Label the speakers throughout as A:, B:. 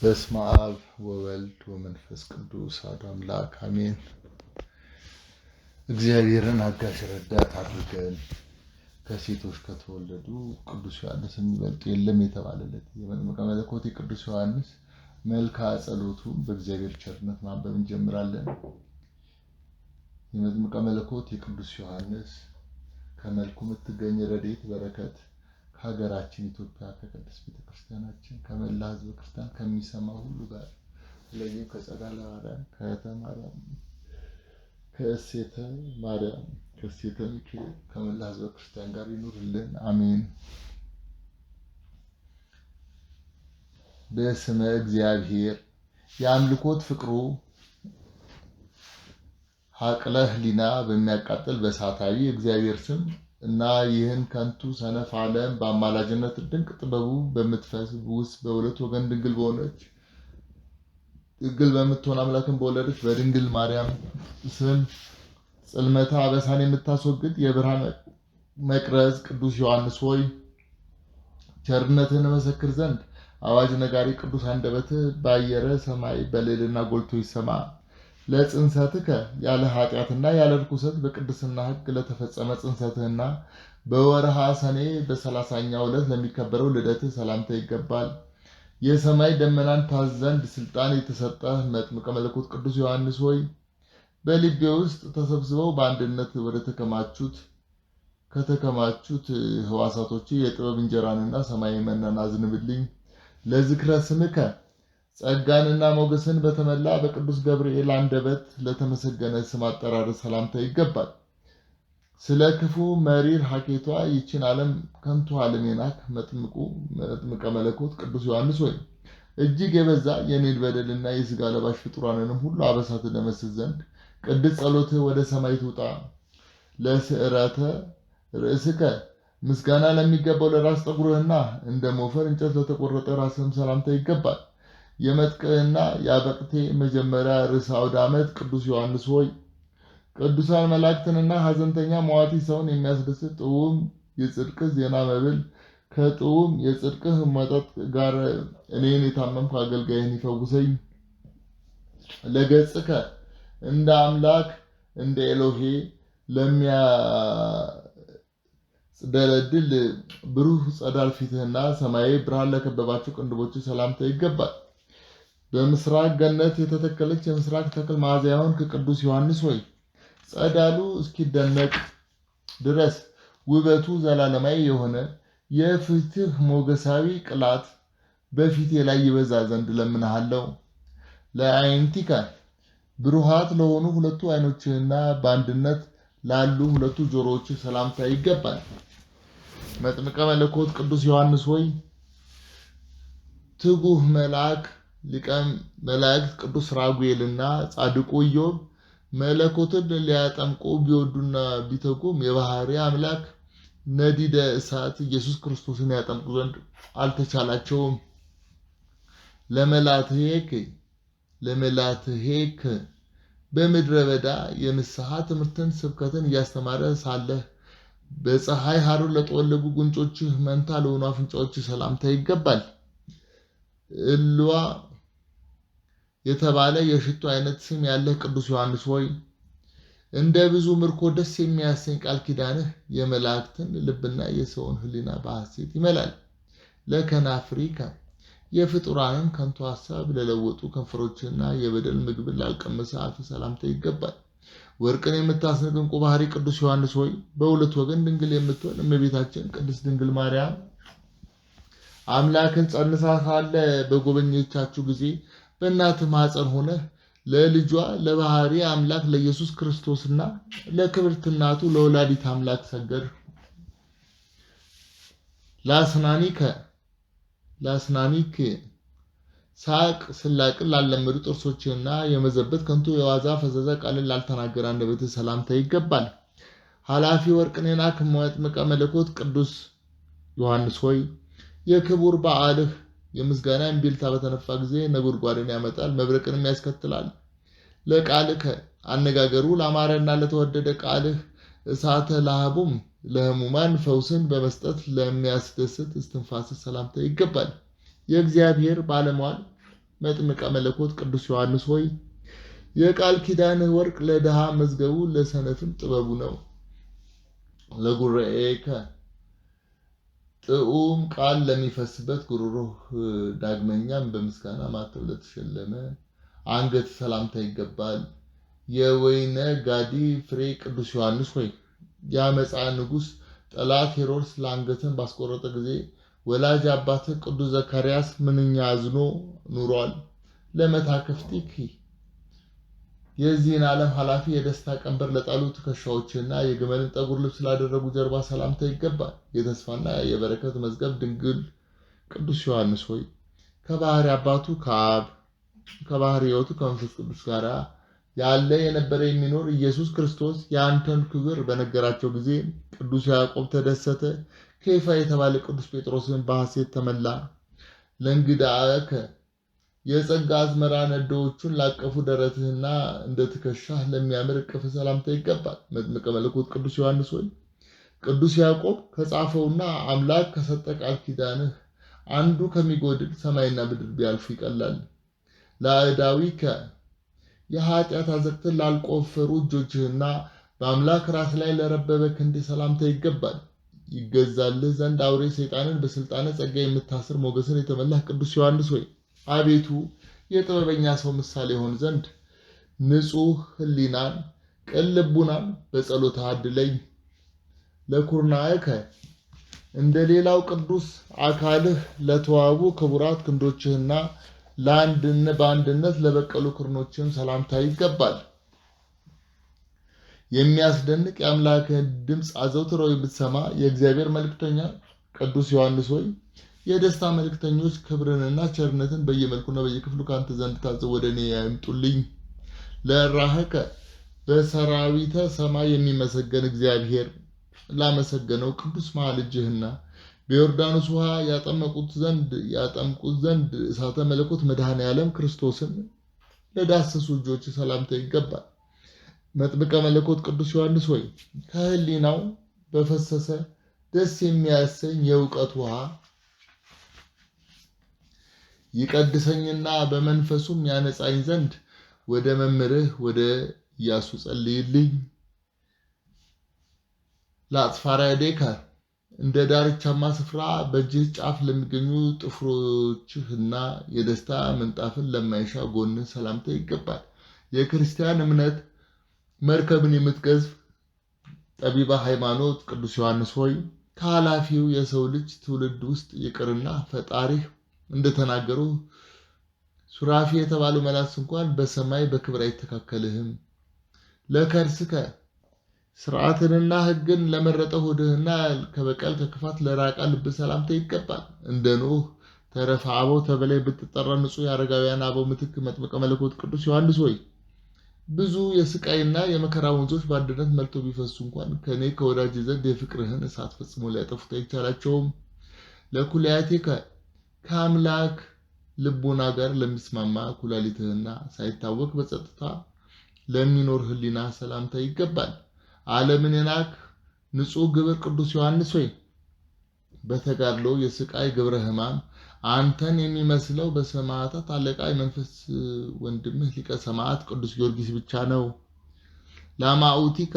A: በስመ አብ ወወልድ ወመንፈስ ቅዱስ አሐዱ አምላክ አሜን። እግዚአብሔርን አጋዥ ረዳት አድርገን ከሴቶች ከተወለዱ ቅዱስ ዮሐንስ የሚበልጥ የለም የተባለለት የመጥምቀ መለኮት የቅዱስ ዮሐንስ መልካ ጸሎቱን በእግዚአብሔር ቸርነት ማንበብ እንጀምራለን። የመጥምቀ መለኮት የቅዱስ ዮሐንስ ከመልኩ የምትገኝ ረዴት በረከት ከሀገራችን ኢትዮጵያ ከቅድስት ቤተክርስቲያናችን ከመላ ሕዝበ ክርስቲያን ከሚሰማ ሁሉ ጋር ለዩ ከጸጋለ ማርያም ከእህተ ማርያም ከእሴተ ማርያም ከእሴተ ሚካኤል ከመላ ሕዝበ ክርስቲያን ጋር ይኑርልን። አሜን። በስመ እግዚአብሔር የአምልኮት ፍቅሩ ሀቅለ ህሊና በሚያቃጥል በሳታዊ እግዚአብሔር ስም እና ይህን ከንቱ ሰነፍ ዓለም በአማላጅነት ድንቅ ጥበቡ በምትፈስ ውስጥ በሁለት ወገን ድንግል በሆነች ድንግል በምትሆን አምላክን በወለደች በድንግል ማርያም ስም ጽልመታ አበሳን የምታስወግድ የብርሃን መቅረዝ ቅዱስ ዮሐንስ ሆይ ቸርነትን መሰክር ዘንድ አዋጅ ነጋሪ ቅዱስ አንደበትህ ባየረ ሰማይ በሌልና ጎልቶ ይሰማ። ለጽንሰትከ ያለ ኃጢአትና ያለ ርኩሰት በቅድስና ሕግ ለተፈጸመ ጽንሰትህና በወርሃ ሰኔ በሰላሳኛው ዕለት ለሚከበረው ልደትህ ሰላምታ ይገባል። የሰማይ ደመናን ታዘንድ ስልጣን የተሰጠህ መጥምቀ መለኮት ቅዱስ ዮሐንስ ሆይ በልቤ ውስጥ ተሰብስበው በአንድነት ወደ ተከማቹት ከተከማቹት ህዋሳቶች የጥበብ እንጀራንና ሰማይ መናን አዝንብልኝ ለዝክረ ስምከ ጸጋንና ሞገስን በተመላ በቅዱስ ገብርኤል አንደበት ለተመሰገነ ስም አጠራር ሰላምታ ይገባል። ስለ ክፉ መሪር ሀኬቷ ይችን ዓለም ከንቱ ዓለም የናክ መጥምቁ መጥምቀ መለኮት ቅዱስ ዮሐንስ ወይም እጅግ የበዛ የኔን በደልና የሥጋ ለባሽ ፍጡራንንም ሁሉ አበሳት ለመስል ዘንድ ቅድስ ጸሎትህ ወደ ሰማይ ትውጣ። ለስዕረተ ርእስከ ምስጋና ለሚገባው ለራስ ጠጉርህና እንደ ሞፈር እንጨት ለተቆረጠ ራስህም ሰላምታ ይገባል። የመጥቅህና የአበቅቴ መጀመሪያ ርዕሰ አውደ ዓመት ቅዱስ ዮሐንስ ሆይ ቅዱሳን መላእክትንና ሐዘንተኛ መዋቲ ሰውን የሚያስደስት ጥዑም የጽድቅህ ዜና መብል ከጥዑም የጽድቅህ መጠጥ ጋር እኔን የታመምኩ አገልጋይን ይፈውሰኝ። ለገጽከ እንደ አምላክ እንደ ኤሎሄ ለሚያጽደለድል ብሩህ ጸዳል ፊትህና ሰማያዊ ብርሃን ለከበባቸው ቅንድቦች ሰላምታ ይገባል። በምስራቅ ገነት የተተከለች የምስራቅ ተክል መዓዛ ከቅዱስ ዮሐንስ ሆይ ጸዳሉ እስኪደነቅ ድረስ ውበቱ ዘላለማዊ የሆነ የፍትህ ሞገሳዊ ቅላት በፊቴ ላይ ይበዛ ዘንድ ለምንሃለው። ለአይንቲካ ብሩሃት ለሆኑ ሁለቱ አይኖችህና በአንድነት ላሉ ሁለቱ ጆሮዎች ሰላምታ ይገባል። መጥምቀ መለኮት ቅዱስ ዮሐንስ ሆይ ትጉህ መልአክ ሊቀ መላእክት ቅዱስ ራጉኤልና ጻድቁ ኢዮብ መለኮትን ሊያጠምቁ ቢወዱና ቢተጉም የባህሪ አምላክ ነዲደ እሳት ኢየሱስ ክርስቶስን ያጠምቁ ዘንድ አልተቻላቸውም። ለመላትሄክ ለመላትሄክ በምድረ በዳ የንስሐ ትምህርትን ስብከትን እያስተማረ ሳለህ በፀሐይ ሐሩር ለጠወለጉ ጉንጮችህ መንታ ለሆኑ አፍንጫዎች ሰላምታ ይገባል። እልዋ የተባለ የሽቱ አይነት ስም ያለህ ቅዱስ ዮሐንስ ሆይ እንደ ብዙ ምርኮ ደስ የሚያሰኝ ቃል ኪዳንህ የመላእክትን ልብና የሰውን ሕሊና በሐሴት ይመላል። ለከናፍሪካ የፍጡራንን ከንቱ ሐሳብ ለለወጡ ከንፈሮችና የበደል ምግብን ላልቀመሰ አፍ ሰላምታ ይገባል። ወርቅን የምታስንቅ እንቁ ባህሪ ቅዱስ ዮሐንስ ሆይ በሁለት ወገን ድንግል የምትሆን እመቤታችን ቅድስት ድንግል ማርያም አምላክን ጸንሳ ሳለ በጎበኘቻችሁ ጊዜ በእናት ማፀን ሆነ ለልጇ ለባህሪ አምላክ ለኢየሱስ ክርስቶስና ለክብርት እናቱ ለወላዲት አምላክ ሰገድ ላስናኒከ ላስናኒክ ሳቅ ስላቅን ላለመዱ ጥርሶችና የመዘበት ከንቱ የዋዛ ፈዘዘ ቃልን ላልተናገረ አንደበት ሰላምታ ይገባል። ኃላፊ ወርቅኔና የናክ መጥምቀ መለኮት ቅዱስ ዮሐንስ ሆይ የክቡር በዓልህ የምስጋና እምቢልታ በተነፋ ጊዜ ነጎድጓድን ያመጣል፣ መብረቅንም ያስከትላል። ለቃልከ አነጋገሩ ላማረና ለተወደደ ቃልህ እሳተ ላህቡም ለህሙማን ፈውስን በመስጠት ለሚያስደስት እስትንፋስ ሰላምታ ይገባል። የእግዚአብሔር ባለሟል መጥምቀ መለኮት ቅዱስ ዮሐንስ ሆይ የቃል ኪዳንህ ወርቅ ለድሃ መዝገቡ ለሰነፍም ጥበቡ ነው። ለጉረኤከ ጥዑም ቃል ለሚፈስበት ጉሮሮህ ዳግመኛም በምስጋና ማተብ ለተሸለመ አንገት ሰላምታ ይገባል። የወይነ ጋዲ ፍሬ ቅዱስ ዮሐንስ ሆይ የአመፃ ንጉሥ ጠላት ሄሮድስ ለአንገትን ባስቆረጠ ጊዜ ወላጅ አባትህ ቅዱስ ዘካርያስ ምንኛ አዝኖ ኑሯል። ለመታከፍቲኪ የዚህን ዓለም ኃላፊ የደስታ ቀንበር ለጣሉ ትከሻዎችና የግመልን ጠጉር ልብስ ላደረጉ ጀርባ ሰላምታ ይገባል። የተስፋና የበረከት መዝገብ ድንግል ቅዱስ ዮሐንስ ሆይ ከባህሪ አባቱ ከአብ ከባህሪ ሕይወቱ ከመንፈስ ቅዱስ ጋር ያለ የነበረ የሚኖር ኢየሱስ ክርስቶስ የአንተን ክብር በነገራቸው ጊዜ ቅዱስ ያዕቆብ ተደሰተ። ከይፋ የተባለ ቅዱስ ጴጥሮስን በሐሴት ተመላ ለእንግዳ የጸጋ አዝመራ ነዶዎቹን ላቀፉ ደረትህና እንደ ትከሻህ ለሚያምር እቅፍ ሰላምታ ይገባል። መጥምቀ መለኮት ቅዱስ ዮሐንስ ወይ ቅዱስ ያዕቆብ ከጻፈውና አምላክ ከሰጠ ቃል ኪዳንህ አንዱ ከሚጎድል ሰማይና ምድር ቢያልፉ ይቀላል። ከ የኃጢአት አዘቅትን ላልቆፈሩ እጆችህና በአምላክ ራስ ላይ ለረበበ ክንድ ሰላምታ ይገባል። ይገዛልህ ዘንድ አውሬ ሰይጣንን በስልጣነ ጸጋ የምታስር ሞገስን የተመላህ ቅዱስ ዮሐንስ ሆይ አቤቱ የጥበበኛ ሰው ምሳሌ ሆን ዘንድ ንጹሕ ሕሊናን ቅን ልቡናን በጸሎት አድለኝ። ለኩርናዕከ እንደ ሌላው ቅዱስ አካልህ ለተዋቡ ክቡራት ክንዶችህና በአንድነት ለበቀሉ ክርኖችህም ሰላምታ ይገባል። የሚያስደንቅ የአምላክህን ድምፅ አዘውትረው የምትሰማ የእግዚአብሔር መልእክተኛ ቅዱስ ዮሐንስ ሆይ የደስታ መልእክተኞች ክብርንና ቸርነትን በየመልኩና በየክፍሉ ከአንተ ዘንድ ታዘው ወደ እኔ ያምጡልኝ። ለራህከ በሰራዊተ ሰማይ የሚመሰገን እግዚአብሔር ላመሰገነው ቅዱስ መሃል እጅህና በዮርዳኖስ ውሃ ያጠመቁት ዘንድ ያጠምቁት ዘንድ እሳተ መለኮት መድኃኔ ዓለም ክርስቶስን ለዳሰሱ እጆች ሰላምታ ይገባል። መጥምቀ መለኮት ቅዱስ ዮሐንስ ሆይ ከህሊናው በፈሰሰ ደስ የሚያሰኝ የእውቀት ውሃ ይቀድሰኝና በመንፈሱም ያነጻኝ ዘንድ ወደ መምህርህ ወደ ኢያሱ ጸልይልኝ። ለአጽፋራዴከ እንደ ዳርቻማ ስፍራ በእጅህ ጫፍ ለሚገኙ ጥፍሮችህና የደስታ ምንጣፍን ለማይሻ ጎንህ ሰላምታ ይገባል። የክርስቲያን እምነት መርከብን የምትገዝፍ ጠቢባ ሃይማኖት ቅዱስ ዮሐንስ ሆይ ከኃላፊው የሰው ልጅ ትውልድ ውስጥ ይቅርና ፈጣሪህ እንደተናገሩ ሱራፊ የተባሉ መላስ እንኳን በሰማይ በክብር አይተካከልህም። ለከርስከ ስርዓትንና ሕግን ለመረጠ ሆድህና ከበቀል ከክፋት ለራቀ ልብ ሰላምታ ይገባል። እንደ ኖህ ተረፈ አበው ተበላይ ብትጠራ ንጹሕ የአረጋውያን አበው ምትክ መጥምቀ መለኮት ቅዱስ ዮሐንስ ሆይ ብዙ የስቃይና የመከራ ወንዞች በአንድነት መልቶ ቢፈሱ እንኳን ከእኔ ከወዳጅ ዘንድ የፍቅርህን እሳት ፈጽሞ ሊያጠፉት አይቻላቸውም። ለኩልያቴከ ከአምላክ ልቦና ጋር ለሚስማማ ኩላሊትህና ሳይታወቅ በጸጥታ ለሚኖር ህሊና ሰላምታ ይገባል። ዓለምን የናክ ንጹሕ ግብር ቅዱስ ዮሐንስ ሆይ በተጋድሎ የስቃይ ግብረ ሕማም አንተን የሚመስለው በሰማዕታት አለቃ መንፈስ ወንድምህ ሊቀ ሰማዕት ቅዱስ ጊዮርጊስ ብቻ ነው። ላማኡቲከ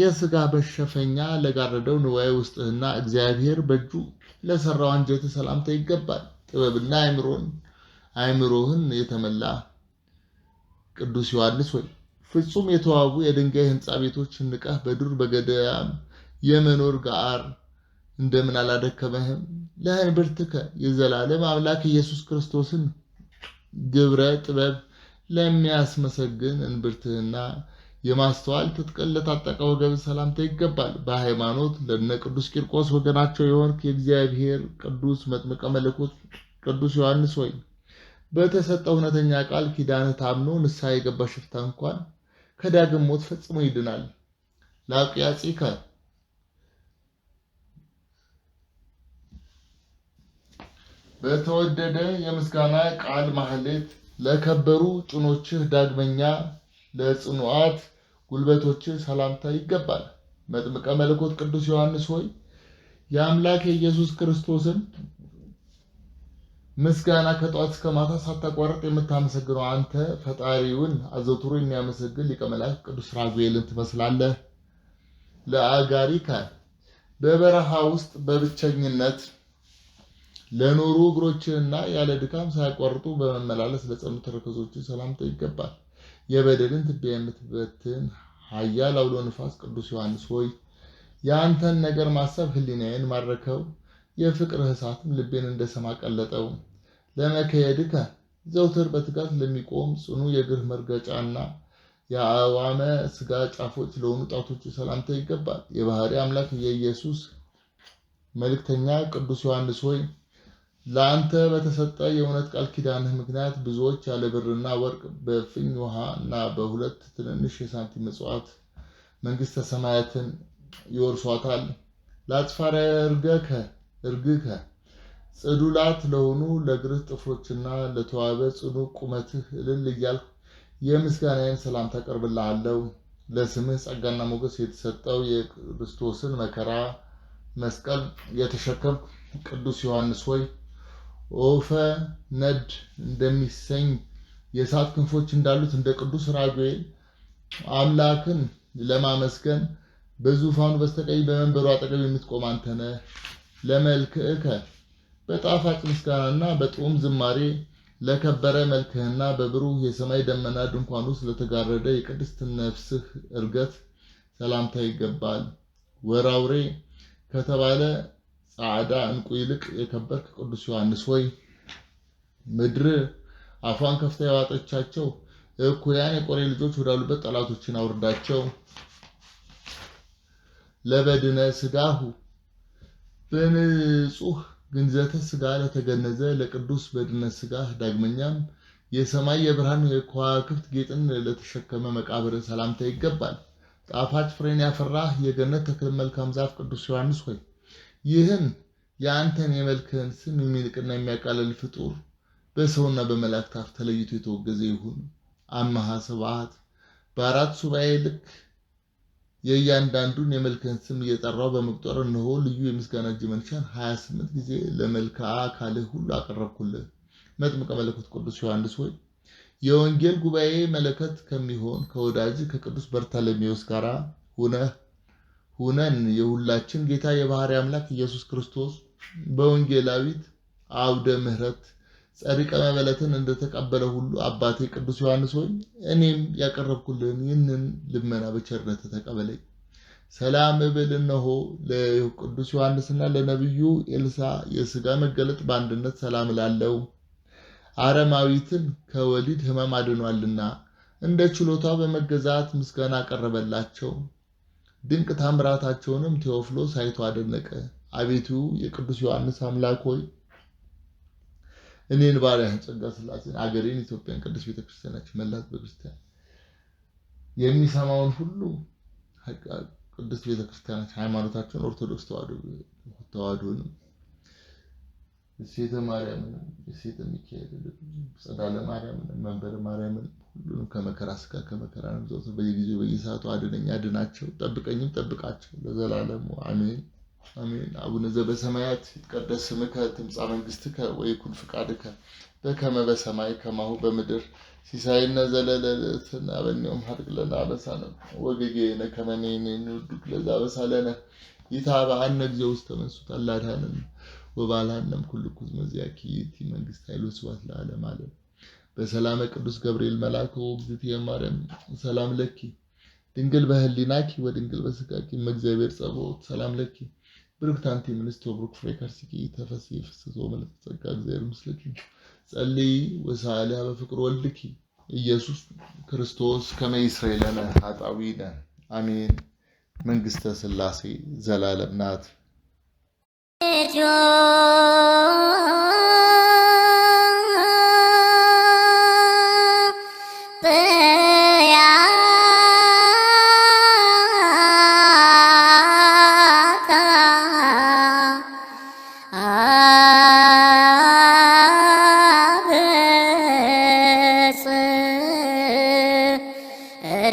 A: የስጋ በሸፈኛ ለጋረደው ንዋይ ውስጥህና እግዚአብሔር በእጁ ለሰራው አንጀት ሰላምታ ይገባል። ጥበብና አእምሮን አእምሮህን የተመላ ቅዱስ ዮሐንስ ወይ ፍጹም የተዋቡ የድንጋይ ህንፃ ቤቶች ንቀህ በዱር በገዳም የመኖር ጋር እንደምን አላደከመህም? ለእንብርትከ የዘላለም አምላክ ኢየሱስ ክርስቶስን ግብረ ጥበብ ለሚያስመሰግን እንብርትህና የማስተዋል ትጥቅን ለታጠቀ ወገን ሰላምታ ይገባል። በሃይማኖት ለነ ቅዱስ ቂርቆስ ወገናቸው የሆንክ የእግዚአብሔር ቅዱስ መጥምቀ መለኮት ቅዱስ ዮሐንስ ወይ በተሰጠ እውነተኛ ቃል ኪዳነ ታምኖ ንስሐ የገባ ሽፍታ እንኳን ከዳግም ሞት ፈጽሞ ይድናል። ላቅያጺከ በተወደደ የምስጋና ቃል ማህሌት ለከበሩ ጭኖችህ ዳግመኛ ለጽኑዓት ጉልበቶችህ ሰላምታ ይገባል። መጥምቀ መለኮት ቅዱስ ዮሐንስ ሆይ የአምላክ የኢየሱስ ክርስቶስን ምስጋና ከጧት እስከ ማታ ሳታቋርጥ የምታመሰግነው አንተ ፈጣሪውን አዘውትሮ የሚያመሰግን ሊቀ መላእክት ቅዱስ ራጉኤልን ትመስላለህ። ለአጋሪከ በበረሃ ውስጥ በብቸኝነት ለኖሩ እግሮችህና ያለ ድካም ሳያቋርጡ በመመላለስ ለጸኑ ተረከዞች ሰላምታ ይገባል። የበደልን ትቢያ የምትበትን ኃያል አውሎ ንፋስ ቅዱስ ዮሐንስ ሆይ የአንተን ነገር ማሰብ ህሊናዬን ማረከው፣ የፍቅር እሳትም ልቤን እንደሰማ ቀለጠው። ለመከየድከ ዘውትር በትጋት ለሚቆም ጽኑ የእግርህ መርገጫና የአዋመ ስጋ ጫፎች ለሆኑ ጣቶቹ ሰላምታ ይገባል። የባህሪ አምላክ የኢየሱስ መልእክተኛ ቅዱስ ዮሐንስ ሆይ ለአንተ በተሰጠ የእውነት ቃል ኪዳንህ ምክንያት ብዙዎች ያለ ብርና ወርቅ በፍኝ ውሃ እና በሁለት ትንንሽ የሳንቲም ምጽዋት መንግሥተ ሰማያትን ይወርሷታል። ለአጽፋርያ እርገከ እርግከ ጽዱላት ለሆኑ ለእግርህ ጥፍሮችና ለተዋበ ጽኑ ቁመትህ እልል እያልሁ የምስጋናዬን ሰላምታ አቀርብልሃለሁ። ለስምህ ጸጋና ሞገስ የተሰጠው የክርስቶስን መከራ መስቀል የተሸከምክ ቅዱስ ዮሐንስ ሆይ ኦፈ ነድ እንደሚሰኝ የእሳት ክንፎች እንዳሉት እንደ ቅዱስ ራጉኤል አምላክን ለማመስገን በዙፋኑ በስተቀኝ በመንበሩ አጠገብ የምትቆም አንተ ነህ። ለመልክዕከ በጣፋጭ ምስጋናና በጥዑም ዝማሬ ለከበረ መልክህና በብሩህ የሰማይ ደመና ድንኳን ውስጥ ለተጋረደ የቅድስት ነፍስህ እርገት ሰላምታ ይገባል። ወራውሬ ከተባለ ጻዕዳ ዕንቁ ይልቅ የከበርክ ቅዱስ ዮሐንስ ሆይ ምድር አፏን ከፍታ የዋጠቻቸው እኩያን የቆሬ ልጆች ወዳሉበት ጠላቶችን አውርዳቸው። ለበድነ ስጋሁ በንጹህ ግንዘተ ስጋ ለተገነዘ ለቅዱስ በድነ ስጋ ዳግመኛም የሰማይ የብርሃን የከዋክብት ጌጥን ለተሸከመ መቃብር ሰላምታ ይገባል። ጣፋጭ ፍሬን ያፈራህ የገነት ተክል መልካም ዛፍ ቅዱስ ዮሐንስ ሆይ ይህን የአንተን የመልክህን ስም የሚንቅና የሚያቃልል ፍጡር በሰውና በመላእክት አፍ ተለይቶ የተወገዘ ይሁን። አመሃ ስብሐት በአራት ሱባኤ ልክ የእያንዳንዱን የመልክህን ስም እየጠራው በመቁጠር እነሆ ልዩ የምስጋና እጅ መንሻን 28 ጊዜ ለመልክዓ አካልህ ሁሉ አቀረብኩልህ። መጥምቀ መለኮት ቅዱስ ዮሐንስ ሆይ የወንጌል ጉባኤ መለከት ከሚሆን ከወዳጅ ከቅዱስ በርታሌሜዎስ ጋር ሁነህ ሁነን የሁላችን ጌታ የባህሪ አምላክ ኢየሱስ ክርስቶስ በወንጌላዊት አውደ ምሕረት ጸድቀ መበለትን እንደተቀበለ ሁሉ አባቴ ቅዱስ ዮሐንስ ሆይ እኔም ያቀረብኩልን ይህንን ልመና በቸርነት ተቀበለኝ። ሰላም እብል እነሆ ለቅዱስ ዮሐንስና ለነቢዩ ኤልሳ የስጋ መገለጥ በአንድነት ሰላም ላለው አረማዊትን ከወሊድ ህመም አድኗልና እንደ ችሎታ በመገዛት ምስጋና አቀረበላቸው። ድንቅ ታምራታቸውንም ቴዎፍሎስ አይቶ አደነቀ። አቤቱ የቅዱስ ዮሐንስ አምላክ ሆይ እኔን ባሪያህን ጸጋ ስላሴን አገሬን ኢትዮጵያን ቅዱስ ቤተክርስቲያናችን መላት ቤተክርስቲያን የሚሰማውን ሁሉ ቅዱስ ቤተክርስቲያናችን ሃይማኖታቸውን ኦርቶዶክስ ተዋሕዶን ሴተ ማርያምን ሴተ ሚካኤል ጸዳለ ማርያምን መንበረ ማርያምን ሁሉንም ከመከራ ስጋ ከመከራ ነፍስ በየጊዜው በየሰዓቱ አድነኝ አድናቸው፣ ጠብቀኝም ጠብቃቸው ለዘላለሙ አሜን አሜን። አቡነ ዘበሰማያት ይትቀደስ ስምከ ትምጻእ መንግሥትከ ወይኩን ፍቃድከ በከመ በሰማይ ከማሁ በምድር ሲሳይነ ዘለለዕለትነ ሀበነ ሀድግ ለነ አበሳነ ወጌጌነ ከመ ንሕነኒ ንውድቅ ለዘአበሳ ለነ ኢታብአነ እግዚኦ ውስተ መንሱት አላድሃንም ወባልሃነም ኩሉ እኩይ መዚያኪ ይእቲ መንግሥት ኃይል ወስብሐት ለዓለም አለም በሰላመ ቅዱስ ገብርኤል መልአክ ውግዝእትየ ማርያም ሰላም ለኪ ድንግል በህሊናኪ ወድንግል በስጋኪ መእግዚአብሔር ጸባኦት ሰላም ለኪ ብሩክት አንቲ እምንእስቴ ወብሩክ ፍሬ ከርሥኪ ተፈሥሒ ፍስሕቶ ምልዕተ ጸጋ እግዚአብሔር ምስልኪ ጸልይ ወሰአሊሃ በፍቅር ወልድኪ ኢየሱስ ክርስቶስ ከመ ይስረይ ለነ ኃጣውኢነ አሜን። መንግሥተ ሥላሴ ዘላለም ናት።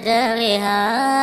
A: 的美好。